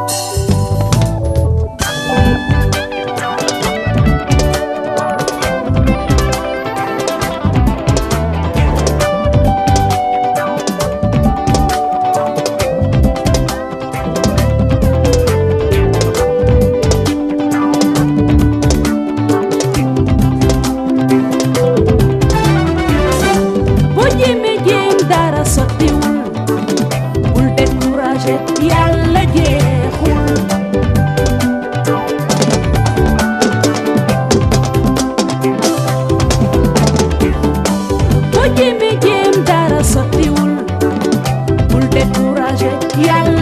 you jéem dara sottiwul bul découragé yàlla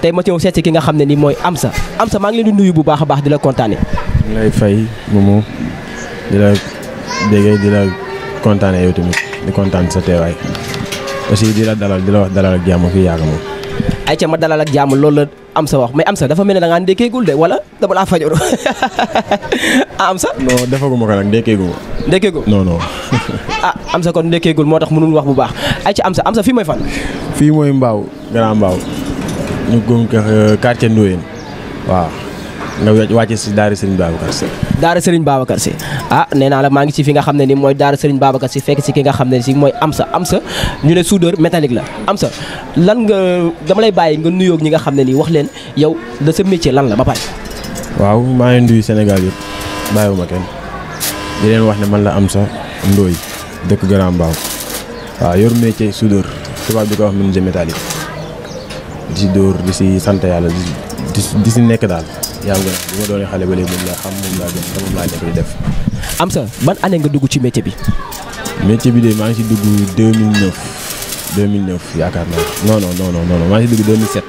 tay ma ci seet ci ki nga ni mooy Amsa Amsa ma ngi leen di nuyu bu baakha a baax di lay fay Momo dila la dila di yow tamit di kontaan sa teewaay aussi dila dalal dila wax dalal ak fi mo ay ci ma dalal ak jamm loolu Amsa wax mais Amsa dafa melni da nga gul de wala dama laa fajoro ah Amsa. non defaguma ko nag ndékkeeguma. ndékkeegul non non. ah Amsa kon ndékkeegul gul motax mënul wax bu baax ayca Amsa Amsa fi moy fan. fi moy mbaw Grand mbaw ñu gën ko euh, quartier Ndoyeen waaw nga wàcc si Daara Serigne Babacar Sy. Daara Serigne Babacar Sy ah nee naa la maa ngi ci fi nga xam ne ni mooy Daara Serigne Babacar Sy fekk si ki nga xam ne si mooy sa am sa ñu ne soudeur métallique la sa lan nga dama lay bàyyi nga nuyoog ñi nga xam ne nii wax leen yow da sa métier lan la ba pare. waaw maa ngi nuyu Sénégal yëpp bàyyiwuma kenn di leen wax ne man la am Amsa Ndoye dëkk Grand Mbao waaw yor métier soudeur tubaab bi ko wax menuisier métallique. di si dóor di si sant yàlla di si di si nekk daal yàlla nga bu ma doonee xale ba léegi moom laa xam moom laa gën te moom laa jëfee def. am sa ban année nga dugg ci métier bi. métier bi de maa ngi si dugg 2009 2009 yaakaar naa non non non non maa ngi si dugg 2007.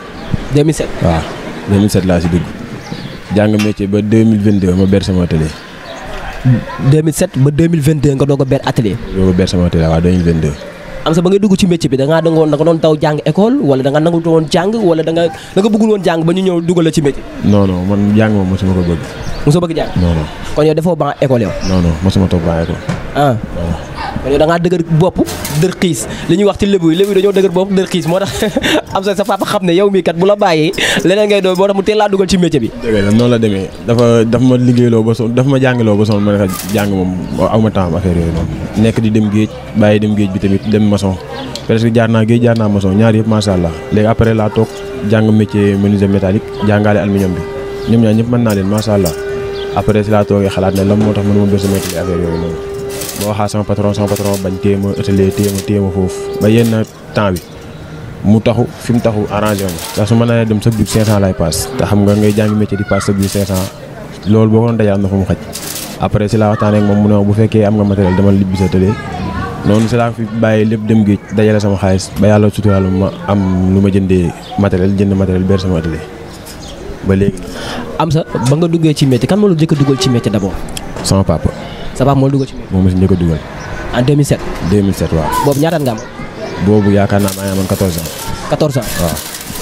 2007 waaw 2007 laa si dugg jàng métier ba 2022 ma ber sama atelier. 2007 ba 2022 nga doog a ber atelier. doog a ber sama atelier waaw am sa ba ngay dugg ci métier bi danga ngaa dangoon da nga doon daw jàng école wala da nga nangu woon jàng wala da nga da nga bëggul woon jàng ba ñu ñëw dugal la ci métier. non non man jàng moom ma ko bëgg. mosoo bëgg jàng. non non kon yow defoo ban école yow. non non mosuma toog ban école. ah. mais da ngaa dëgër bopp dër xiis li ñuy wax ci lébu yi lébu yi dañoo dëgër bopp dër xiis moo tax am sa sa papa xam ne yow mii kat bu la bàyyee leneen ngay doon moo tax mu teel laa dugal ci métier bi. dëgg la noonu la demee dafa dafa ma liggéeyloo ba sonn dafa ma jàngaloo ba sonn ma jàng moom aw ma temps nekk di dem géej bàyyi dem géej bi tamit dem maçon presque jaar naa géej jaar naa maçon ñaar yëpp macha allah léegi après laa toog jàng métier menuisier métallique jàngaale aluminium bi ñoom ñaar ñëpp mën naa leen macha allah après si laa toogee xalaat moo a métier ma waxaat sama patron sama patron bañ téema atelier téema téema foofu ba yenn temps bi mu taxu fi mu taxu arrangé ma ndax su ma nee dem sa biir 500 laay paas te xam nga ngay jàngi métier di paas sa biir 500 loolu boo ko doon am na fu mu xaj après si laa waxtaanee ak moom mu ne ma bu fekkee am nga matériel dama libbi sa atelier noonu si laa fi bàyyi lépp dem géej dajale sama xaalis ba yàlla suturaal ma am lu ma jëndee matériel jënd matériel ber sama atelier ba léegi. am sa ba nga duggee ci métier kan moo la jëkk a dugal ci métier d'abord. sama papa. Sabax mo dugal ci mo moom la si dugal. en 2007. 2007 wa bobu ñaatan nga am. bobu yaakaar na ma ngi 14 ans. 14 ans wa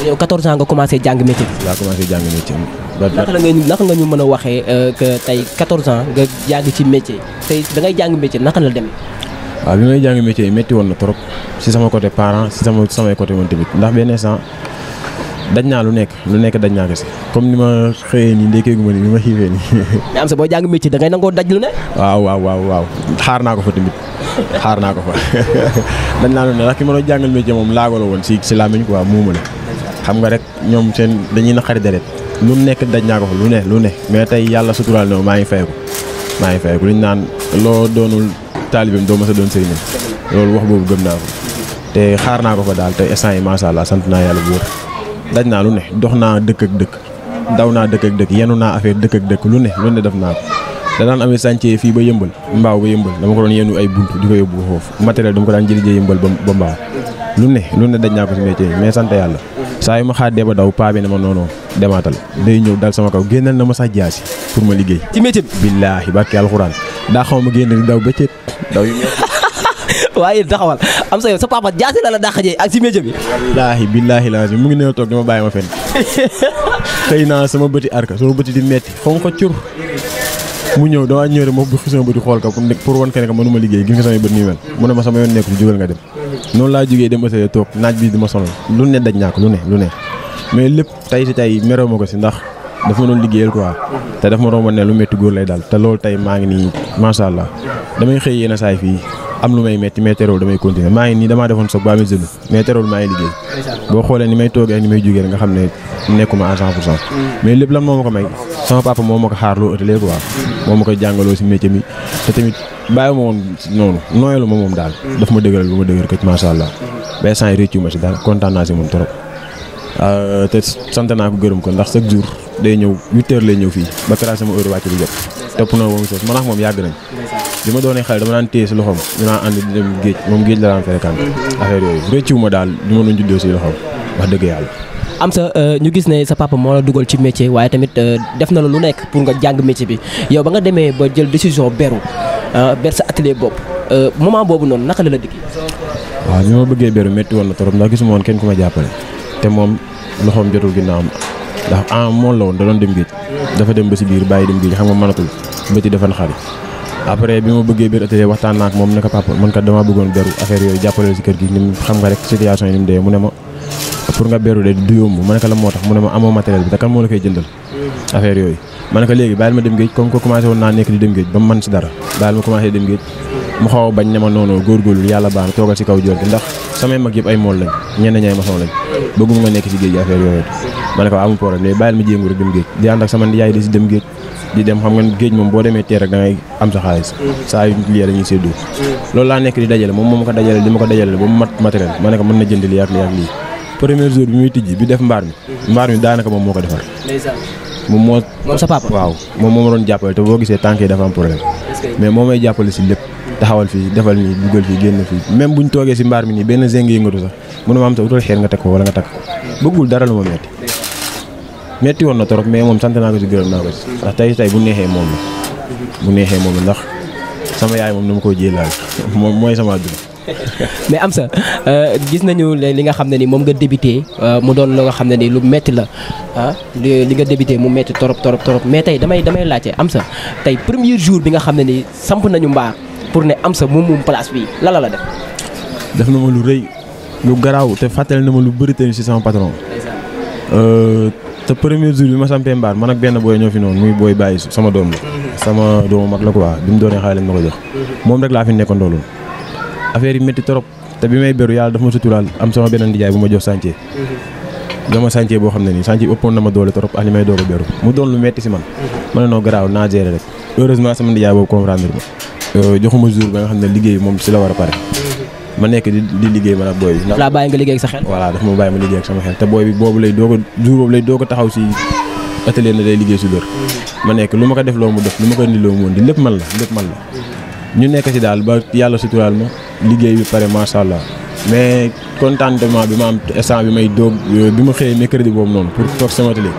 yow 14 ans nga commencé jang métier bi. commencé jang euh, métier bi. naka la nga nak nga ñu mëna waxé waxee que tay 14 ans nga jang ci métier tay da ngay jang métier nak la dem waaw bi may jang métier metti won na trop ci sama côté parents ci sama sama côté mon tamit ndax benn instant. dañ naa lu nekk lu nekk dañ naa ko si comme ni ma xëyee nii ndekkee gu ma nii ni ma xiifee nii. mais am sa boo jàng métier da ngay nangoo daj lu ne. waaw waaw waaw waaw xaar naa ko fa tamit xaar naa ko fa dañ naa lu ne ndax ki ma doon jàngal métier moom laagaloo woon si si làmmiñ quoi muuma la xam nga rek ñoom seen dañuy naqari deret lu nekk daj naa ko fa lu ne lu ne mais tey yàlla suturaal na maa ngi fay ko maa ngi fay ko liñ naan loo doonul taalibeem doo ma sa doon sëriñam loolu wax boobu gëm naa ko te xaar naa ko fa daal te instant yi macha allah sant naa yàlla bu wër daj naa lu ne dox naa dëkk ak dëkk daw naa dëkk ak dëkk yenu naa affaire dëkk ak dëkk lu ne lu ne def naa ko da daan amee chantier fii ba yëmbal mbaaw ba yëmbal dama ko doon yenu ay buntu di ko yóbbu foofu matériel dama ko daan jëli jee yëmbal ba mbaaw lu ne lu ne daj naa ko si métier mais sant yàlla saa yu ma xaadee ba daw paa bi ne ma noonu demaatal day ñëw dal sama kaw génnal na ma sax jaasi pour ma liggéey. ci métier bi. billaahi barke alxuraan daa xaw ma génn waaye daxawal am sa yow sa papa jaasi la la dàq jee ak si métier bi. wallaahi billaahi laazim mu ngi nee toog dama bàyyi ma fenn. xëy naa sama bëti arka sama bëti di metti fonk ko cur. mu ñëw dama ñëw rek ma xis sama bëti xool ko pour pour wan kenn ka mënuma liggéey gis nga samay bët nii mel mu ne ma sama yoon nekkul jógal nga dem. noonu laa jógee dem ësale toog naaj bi dima sonal lu ne daj naa ko lu ne lu ne mais lépp tey si tey meroo ma ko si ndax dafa ma liggéeyal quoi te daf ma doon ne lu métti góor lay daal te loolu tey maa ngi nii macha allah damay xëy yenn saay fii am lu may metti mais teewul damay continuer maa ngi nii damaa defoon soog ba amee liggéey boo xoolee ni may toogee ak ni may jógee nga xam ne nekkuma à 100 pour cent mm. mais lépp lan moo ma ko may ko xaarloo mm. si métier mi te tamit bàyyi ma woon noonu nooyalu ma moom daal mm. daf ma dëgëral ba ma dëgër këc macha allah mais sant yi réccu ma si daal kontaan naa si euh, ko gërëm ko ndax chaque jour day ñëw huit lay ñëw fii ba kara sama heure wàcc di jot topp na moom sos man ak moom yàgg nañ bi ma doonee xale dama daan téye si loxoom ñu naan ànd di dem géej moom géej la daan fréquenté affaire yooyu rëcciwu daal li ma doon juddoo si loxoom wax dëgg yàlla am sa euh, ñu gis ne sa papa moo la dugal ci métier waaye tamit euh, def na la lu nekk pour nga jàng métier bi yow ba nga demee ba jël décision beru euh, ber sa atelier bopp moment boobu noonu naka la la digg waa ñu ma bëggee beru métti woon na trop ndax gisuma woon kenn ku ma jàppale te moom loxoom jotul ginnaaw ndax en moom la da doon dem géej dafa dem ba si biir bàyyi dem géej xam nga mënatul bëti defan xari après bi ma bëggee biir atelier waxtaan naa ak moom ne ko papa man kat damaa bëggoon beru affaire yooyu jàppale si kër gi ni xam nga rek situation yi ni mu mu ne ma pour nga beru de du yomb ma ne la moo tax mu ne ma amoo matériel bi te kan moo la koy jëndal affaire yooyu ma ne léegi bàyyil ma dem géej comme que commencé woon naa nekk di dem géej ba mu mën si dara bàyyil ma commencé dem géej mu xaw a bañ ne ma noonu góorgóorlu yàlla baax na toogal si kaw jor gi ndax samay mag yëpp ay mool lañ ñenn ñay maçon lañ bëgguma ma ne ko amul problème léegi bàyyil ma jéngu rek dem géej di ànd yaay di si dem géej di dem xam nga géej moom boo demee teer rek da am sa xaalis saa yu lii la ñuy loolu laa nekk di dajale moom moom ko dajale li ma ko dajale ba mu mat matériel ma ne ko mën na jënd lii ak lii ak lii jour bi muy tijji bi def mbaar mi mbaar mi daanaka moom moo ko defar moom moo moom sa waaw moom moo ma doon jàppale te boo gisee tànk yi dafa am problème mais moo may jàppale si lépp taxawal fii defal nii dugal fii génn fii même toogee si mbaar mi nii benn zeng yëngatu sax mënuma am sa utal xeer nga ko wala nga takk bëggul dara lu ma metti metti woon na trop mais mom sant naa ko ci gërëm na ko ci ndax tay tay bu nexé mom bu nexé mom ndax sama yaay mom dama ko jëlal mom moy sama àdduna mais am sa euh, gis nañu li nga xamné ni mom nga débuté euh, mu doon lo nga xamné ni lu metti la ah li nga débuté mu metti torop torop torop mais tay damay damay laccé am sa tay premier jour bi nga xamné ni samp nañu mbaar pour né am sa mom mom place bi la la def. def na ma lu reuy lu garaaw te fatel na ma lu bëri tamit ci sama patron. te premier jour bi ma sampee mbaar man ak benn booy ñoo fi noonu muy booy bàyyi sama doom la mhm. sama doomu mag la quoi bi mu doonee xale ma ko jox mhm. moom rek laa fi nekkoon loolu affaire yi métti trop te bi may beru yàlla dafa ma suturaal am sama benn ndijaay bu ma jox chantier mhm. dama chantier boo xam ne nii chantier ëppoon na ma doole trop ak li may doog a beru mu doon lu metti si man ma ne noo garaaw naa gérer rek heureusement sama ndijaay boobu ma euh, joxuma ba nga xam ne liggéey moom si la war a pare ma nekk di liggéey ma ak booy bi. laa bàyyi nga liggéey ak sa xel. voilà daf ma bàyyi ma liggéey ak sama xel te booy bi boobu lay doog a jour boobu lay doog a taxaw si atelier na day liggéey si dër. ma nekk lu ma ko def loo mu def lu ma ko indi loo mu indi lépp man la lépp man la. ñu nekk si daal ba yàlla suturaal ma liggéey bi pare macha allah mais contentement bi ma am instant bi may doog euh, bi ma xëyee mercredi boobu noonu pour toog sama atelier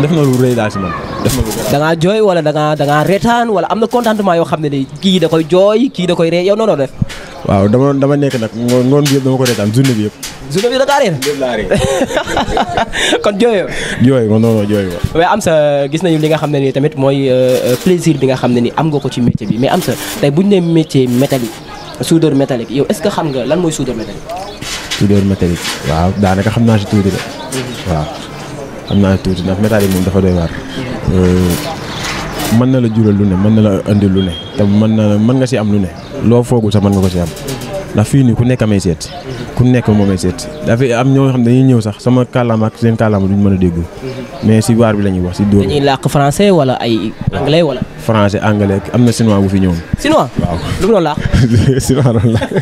def na lu rëy daal da ngaa jooy wala da ngaa reetaan wala am na contentement yoo xam ne ni kii da koy jooy kii da koy ree yow noonu def. waaw dama dama nekk nag ngoon bi yëpp dama ko reetaan kon jooyoo. jooy ma non jooy mais am sa gis nañu li nga xam ne ni tamit mooy euh, euh, plaisir bi nga xam ne ni am nga ko ci métier bi mais am sa tey bu ñu nee métier métallique soudeur métallique yow est-ce que xam nga lan mooy soudeur métallique. soudeur métallique waaw daanaka xam naa si mhm. waaw. am naa tuuti ndax métal yi moom dafa doy waar. Euh, mën na la jural lu ne mën na la indi lu ne. te mën na mën nga si am lu ne. loo foogul sax mën nga ko si am. ndax fii nii ku nekk amee seet ku nekk seet dafa am ñoo xam ne ñëw sax sama kàllaama ak seen kàllaama duñ mën a dégg mais si waar bi la wax si dóor dañuy làkk français anglais am na chinois bu fi ñëwoon chinois waaw lu mu doon làkk chinois doon làkk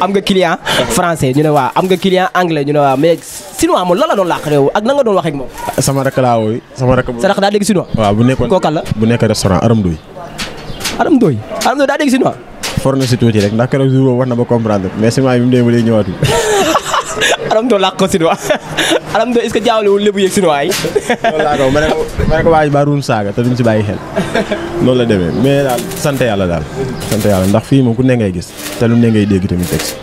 am nga client français ñu ne waaw am nga client anglais ñu ne waaw mais chinois moom lan la doon làkk réew ak na nga doon waxee ak moom sama rakk laa wooy sama rakk sa rakk daa dégg chinois waaw bu nekkoon kookan la bu nekk restaurant Aram Doy for na si tuuti rek ndax keroog jour wax na ba comprendre mais ciment bi mu dee ba léegi ñëwaatul. aram doo làkk ko sinois aram doo est-ce que jaawlewul lébu yeeg sinois yi. ma ko ma ne ko waa te duñ si bàyyi xel. loolu la demee mais daal sant yàlla daal. sant yàlla ndax fii moom ku ne ngay gis te lu ne ngay dégg tamit teg si.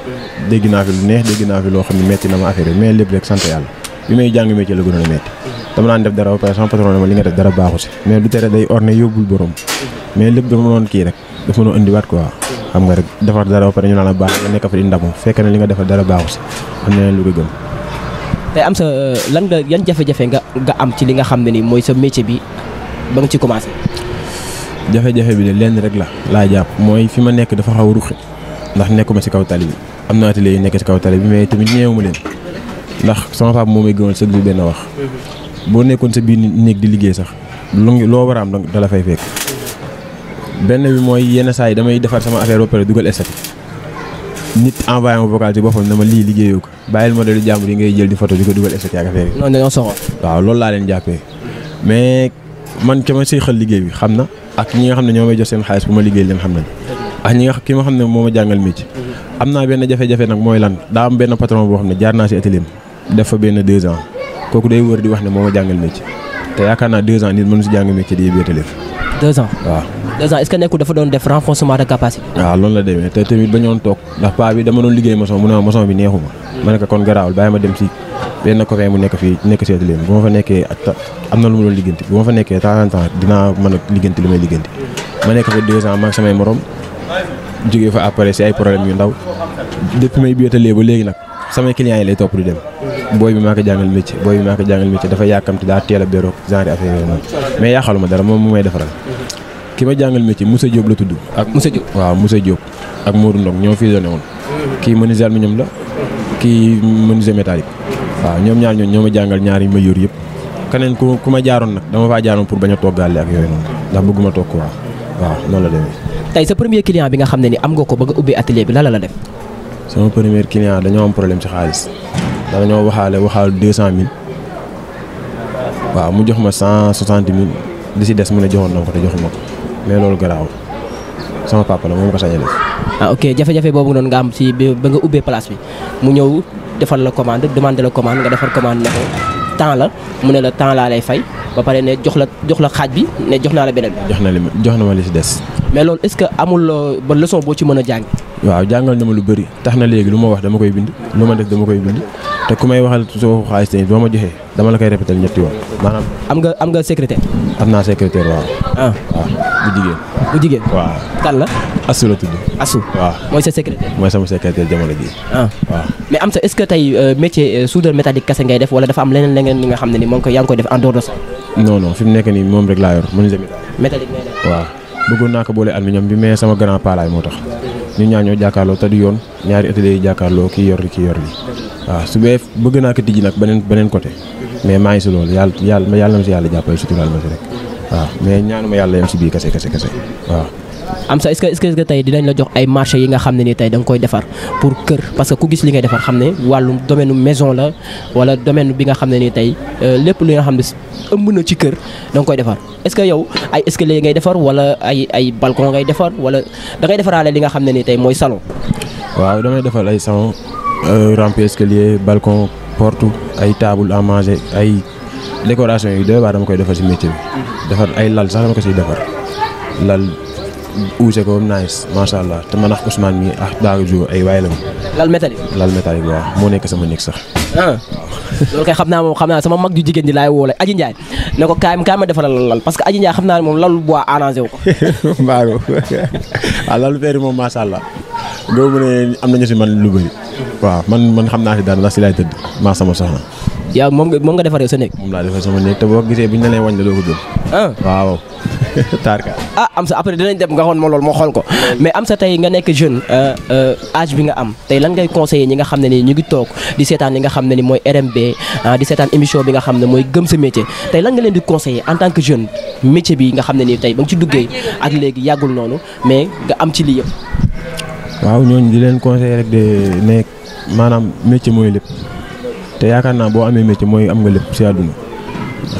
dégg naa fi lu neex dégg naa fi loo xam ne metti na ma affaire mais lépp rek sant yàlla bi may jàng métier la gënoon a metti. dama naan def dara ba sama patron dama li nga def dara baaxu si. mais du tere day orne yóbbul borom. Mm-hmm. mais lépp dama doon kii rek dafa doon indiwaat quoi. xam nga rek defar dara pare ñu na la baax nga nekk fa di ndam fekk na li nga defar dara baaxu am na lu gëm tay am sa euh, lan nga yan jafe-jafe nga nga am ci li nga xam ni moy sa métier bi ba nga ci commencé jafe-jafe bi de rek la la japp moy fi ma nekk dafa xaw ruxi ndax nekkuma ci kaw tali bi am na atelier yu nekk ci kaw tali bi mais tamit ñeewuma leen ndax sama papa moo may gëmal sa ben wax bo nekkon sa bi nek di liggéey sax lo wara am da la fay fekk benn bi mooy yenn saa yi damay defar sama affaire ba pare dugal statut nit envoyé ma vocal ci na ma lii liggéeyoo ko bàyyil modèle jàmbur yi ngay jël di photo di ko dugal statut ak affaire yi. waaw loolu laa leen jàppee mais man ki ma siy liggéey bi xam na ak ñi nga xam ne ñoo may jox seen xaalis bu ma liggéey leen xam nañ ak ñi nga ki ma xam ne moo ma jàngal métier. Mhm. am naa benn jafe-jafe nag mooy lan daa am benn patron boo xam ne jaar naa si atelier def benn deux ans kooku day wër di wax ne moo ma jàngal te yaakaar naa deux ans si jàng métier di yóbbu atelier. dèjà est dafa doon def renforcement de capacité. waaw ah, te tamit ba ñoon toog ndax paa bi dama doon liggéey maçon ne ma maçon bi neexuma ma ne ko kon garaawul nekk fii nekk seeti leen bu ma fa nekkee am na fa nekkee temps en temps dinaa mën may liggéeyanti ma nekk fa deux ans maag samay morom jógee fa après si ay yu ndaw depuis may ba léegi nag samay clients yi lay topp di dem booy bi maa ko jàngal métier booy bi maa ko jàngal métier dafa yàkkamti daa teel a béroog genre affaire yooyu mais yàqalu ma dara moom mu may defaral ki ma jàngal métier Moussa Diop la tudd ak Moussa Diop waaw Moussa Diop ak Modou Ndong ñoo fi doone woon kii menuisier aluminium la kii menuisier métallique waaw ñoom ñaar ñoon ñoo ma jàngal ñaar yi ma yor yëpp keneen ku ku ma jaaroon dama faa jaaroon pour bañ a toggaale ak yooyu noonu ndax bëgguma toog quoi waaw noonu la demee tey sa premier client bi nga xam ni am nga ko ba nga ubbee atelier bi la la def sama premier client dañoo am problème ci da mu jox ma cent li si des mu ne te mais loolu garaawul sama papa la moom ko sañ a def. ah ok jafe-jafe boobu noonu nga am si ci ba nga ubbee place bi mu ñëw defal la commande demande la commande nga defar commande ne ko temps la mu ne la temps laa lay fay ba pare ne jox la jox la xaaj bi ne jox naa la beneen bi. jox na li jox na ma li si des. mais loolu est-ce que amul euh, ba leçon boo ci mën a jàng. waaw jàngal na ma lu bëri tax na léegi lu ma wax dama koy bind lu ma def dama koy bind te ku may waxal soo xaalis tamit boo ma joxee dama la koy répéter ñetti yoon maanaam. am nga am nga secrétaire. am naa secrétaire waaw. ah waaw ah, waaw. kan la. Asou la tudd. Asou waaw mooy sa secrétaire. mooy sama secrétaire jamono ji ah waaw mais am sa est-ce tey euh, métier euh, soudeur métallique kese ngay def wala dafa am leneen leneen li nga xam ne ni moom ko yaa ngi koy def en dehors de ça. nekk nii moom rek laa yor menuisier métallique. métallique naa ko boole aluminium bi mais sama grand palaay moo tax. ñu ñaar ñoo jàkkaarloo te du yoon ñaari atelier yi jàkkaarloo kii yor li kii yor li waaw su bëgg naa ko tijji nag beneen beneen côté mais maa ngi si loolu yàlla yàlla yàlla na ma si yàlla jàppale suturaal ma si rek waaw mais ma yàlla yem si bii kase kase kase waaw am sa est-ce que est-ce tey dinañ la jox ay marché yi nga xam ne ni tey danga koy defar pour kër parce que ku gis li ngay defar xam ne wàllum domaine maison la wala domaine bi nga xam ne nii tey euh, lépp li nga xam ne ëmb na ci kër danga koy defar est-ce que yow ay escalier ngay defar wala ay ay balcon ngay defar wala dangay defaraale li nga xam ne nii tey mooy salon. waaw damay defar ay salon euh, rampe escalier balkon porte ay taabul à manger ay décoration yu doy waar dama koy defar si métier bi. ay lal sax dama ko lal. uuse ko nice machallah te manax Ousmane mi ah daaw jour ay waylam lal metali lal metali wa mo nek sama nek sax. waaw ah. loolu kay xam naa moom sama mag ju jigen di lay wolé Aji ndjay nako ko kaay kaay ma defaral lal parce que Aji ndjay xamna mom lal bo arrangé wuko ko. mbaago waaw lal feeri moom macha allah doo ne am nañu ci man lu bëri. wa man man xamna ci si la si laay tëdd maa sama soxna. ya mom nga moom nga sa nek mom la defar sama nek te bo gisee bu la lay wàññi la do ko jël. Ah. waaw. tarka ah am sa après dinañ dem nga xoon ma loolu moo xool ko mais am sa tey nga nekk jeune euh, euh, âge bi nga am tey lan ngay conseiller ñi nga xam ne nii ñu ngi toog di seetaan li nga xam ne ni mooy RMB ah, di seetaan émission bi nga xam ne mooy gëm sa métier tey lan leen di conseiller en tant que jeune métier bi nga xam nii tey ba nga ci duggee ak léegi yàggul noonu mais nga am ci lii yëpp waaw ñooñu di leen conseiller rek de ne maanaam métier mooy lépp te yaakaar naa boo amee métier mooy am nga lépp si àdduna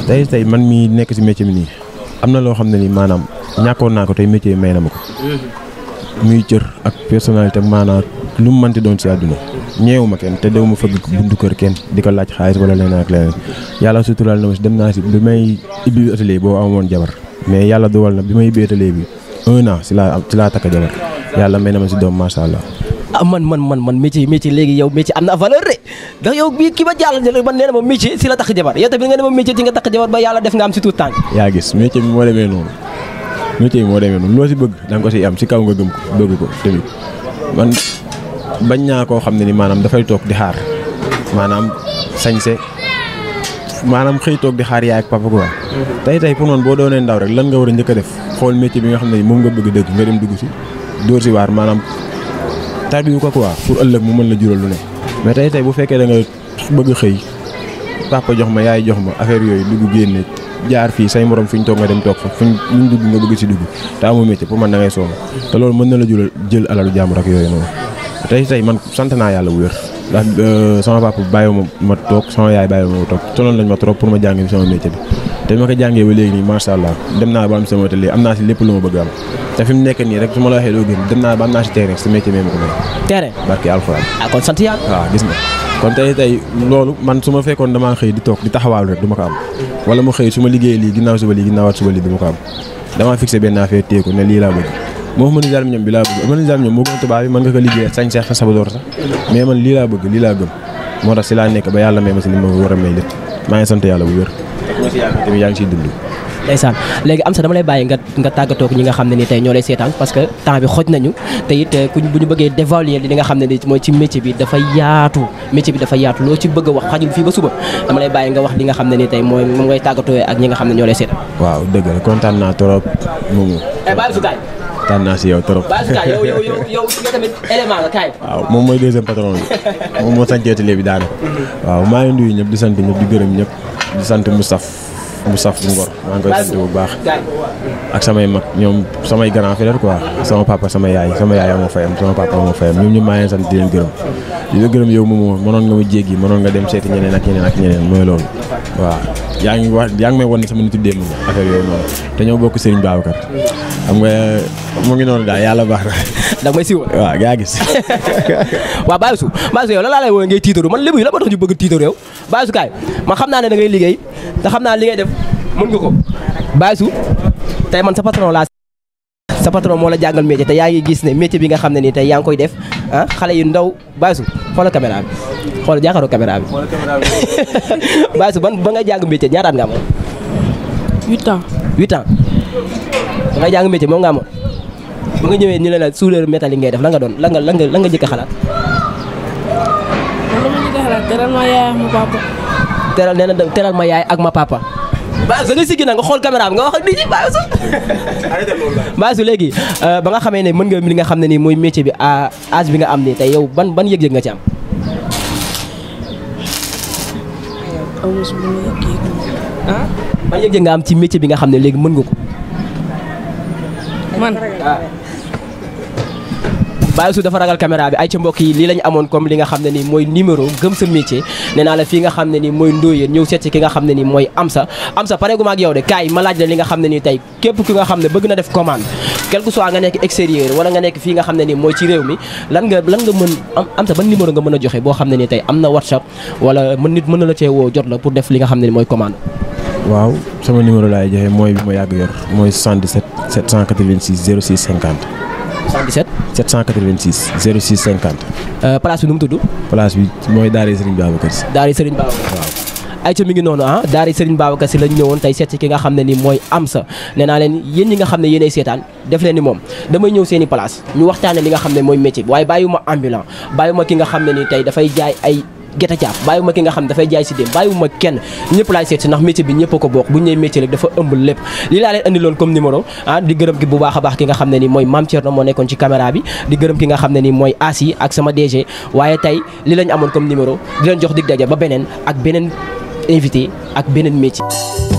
tey tey man mi nekk si métier mi nii am na loo xam ne ni maanaam ñàkkoon naa ko tey métier may na ma ko. muy cër ak personnalité maanaam lu mu mënti doon si àdduna. ñeewu ma kenn te dew ma fëgg buntu kër kenn di ko laaj xaalis wala leneen ak leneen yàlla suturaal na ma si dem naa si bi may ibbi atelier boo amoon jabar mais yàlla dogal na bi may ibbi atelier bi un an si laa si laa takk jabar yàlla may na ma si doom macha allah. ah man man man man métier métier léegi yow métier am na valeur da yow bii ki ba jàll jël ba nee na ma métier si la takk jabar yow tamit nga ne ma métier ci nga takk jabar ba yàlla def nga am si tuut yaa gis métier bi moo demee noonu métier bi moo demee noonu loo si bëgg da ko siy am si kaw nga gëm ko bëgg ko tamit man bañ naa koo xam ne ni maanaam dafay toog di xaar maanaam sañse maanaam xëy toog di xaar yaay ak papa quoi tey tey pour man boo doonee ndaw rek lan nga war a njëkk def xool métier bi nga xam ne moom nga bëgg dëgg nga dem dugg si dóor si waar maanaam tarbiwu ko quoi pour ëllëg mën la jural lu ne mais tey tey bu fekkee da nga bëgg xëy papa jox ma yaay jox ma affaire yooyu dugg génne jaar fii say moroom fu ñu toog nga dem toog fa fu ñu dugg nga bëgg si dugg te amoo métier pour man da ngay sonn te loolu mën na la jula jël alalu jàmbur ak yooyu noonu tey tey man sant naa yàlla bu wér ndax euh, sama papa bàyyi ma ma toog sama yaay bàyyi ma ma toog toloon lañ ma trop pour ma jàngi sama métier bi té ma ko jàngee ba ni ma sha allah dem naa ba am sama télé am naa si lépp lu ma bëgg am té fi mu nekk nii rek su ma la waxee doo gën dem naa ba am naa si terrain si métier même ko nekk. terrain barke alxuraan. ah kon sant yàlla. waaw ah, gis nga kon tey tey loolu man su ma fekkoon damaa xëy di toog di taxawaalu rek du ma ko am. wala mu xëy su ma liggéeyee lii ginnaaw suba lii ginnaawaat suba lii du ma ko am dama fixé benn affaire téye ko ne lii laa bëgg. moo xam ne daal ñoom bi laa bëgg mën na daal ñoom moo gën tubaab bi mën nga ko liggéey sañ seex sa door sax mais man lii laa bëgg lii laa gëm moo tax si laa nekk ba yàlla may ma si li ma war a may lépp maa ngi sant yàlla bu wér technicien yaa ngi dund ndeysaan léegi am sa dama lay bàyyi nga nga tàggatoo ñi nga xam ne ni tey ñoo lay seetaan parce que temps bi xoj nañu te it euh, kuñ bu ñu bëggee dévaluer li nga xam ne ni mooy ci métier bi dafa yaatu métier bi dafa yaatu loo ci bëgg a wax xajul fii ba suba dama lay bàyyi nga wax li nga xam ne ni tey mooy moom ngay tàggatoo ak ñi nga xam ne ñoo lay seetaan waaw dëgg la kontaan naa trop moomu eh, bàyyi fi kaay tànn naa si yow trop bàyyi fi kaay yow yow yow yow tamit élément la kaay waaw moom mooy deuxième patron bi moom moo sañceetile bi daana mm-hmm. waaw maa ngi nuyu ñëpp di sant ñëpp di gërëm ñëpp di sant mu mu saf Moustapha Moustapha Ngor maa ngi koy sant bu baax ak samay mag ñoom samay grand frère quoi sama papa sama yaay sama yaay amoo fayam sama papa amoo fayam ñoom ñu maa ngi sant di leen gërëm di la gërëm yow moom mënoon nga ma jéggi mënoon nga dem seeti ñeneen ak ñeneen ak ñeneen mooy loolu waaw. yaa ngi wax yaa ngi may wan ne sama nitu démb affaire yooyu noonu te ñoo bokk Serigne Babacar xam nga mu ngi noonu daal yàlla baax na. da may siiwal waaw gaa gis. waaw Bayesu Bayesu yow lan laa lay woowee ngay tiitaru man lébu yi la ma tax ñu bëgg tiitaru yow Bayesu kaay man xam naa ne da ngay liggéey te xam naa li def mën nga ko Bayesu tey man sa patron laa sa moo la jàngal métier te yaa ngi gis ne métier bi nga xam ne nii te yaa ngi koy def ah xale yu ndaw baasu xoolal caméra bi xoolal jàkkaaroo caméra bi. xoolal caméra ban ba ngay jàng métier ñaataat nga amoon. 8 ans 8 ba nga jàng métier moom nga amoon ba nga ñëwee ñu ne la soudeur métallique ngay def la nga doon la nga la nga la nga njëkk a xalaat. teral ma yaay ak ma papa. teral nee teral ma yaay ak ma papa. ba da nga siggi na nga xool caméra bi nga wax ak nit ñi Baye Assou Baye léegi euh, ba nga xamee ne mën nga li nga xam ne nii mooy métier bi à âge bi nga am ni tey yow ban ban yëg nga ci am ah. ban yëg-yëg nga am ci métier bi nga xam ne léegi mën nga ko Baye Ousou dafa ragal caméra bi ay ca mbokk yi lii lañ amoon comme li nga xam ne ni mooy numéro gëm sa métier nee naa la fii nga xam ne ni mooy ndóoyéen ñëw seet si ki nga xam ne ni mooy Amsa Amsa pareeguma ak yow de kaay ma laaj la li nga xam ne ni tey képp ki nga xam ne bëgg na def commande quel que soit nga nekk extérieur wala nga nekk fii nga xam mooy ci réew mi lan nga a joxe boo xam ne ni tey am na WhatsApp wala nit mën na la cee woo jot la pour def li nga xam ne ni mooy commande waaw sama numéro laay joxe mooy bi ma yàgg yor mooy 77 786 06 50 77 786 06 50. place bi nu mu tudd. place bi mooy Daara Serigne Babacar Sy. Daara Serigne Babacar waaw. ayca mi ngi noonu ah daari Serigne Babacar Sy lañ ñëwoon tey seet si ki nga xam ne ni mooy Amsa nee naa leen ñi nga xam ne yéenay seetaan def leen ni moom damay ñëw seen i ñu waxtaane li nga xam ne mooy métier waaye bàyyiwuma ambulant bàyyiwuma ki nga xam ne ni tey dafay jaay ay gerte caaf bàyyiwuma ki nga xam dafay jaay si déem bàyyiwuma kenn ñëpp laay seet si ndax métier bi ñëpp a ko bokk bu ñu nee métier rek dafa ëmb lépp li laa leen andi loon comme numéro ah di gërëm ki bu baax a baax ki nga xam ne ni mooy Mame Thierno moo nekkoon ci caméra bi di gërëm ki nga xam ne ni mooy Asi ak sama DG waaye tey lii lañ amoon comme numéro di leen jox dig daje ba beneen ak beneen invité ak beneen métier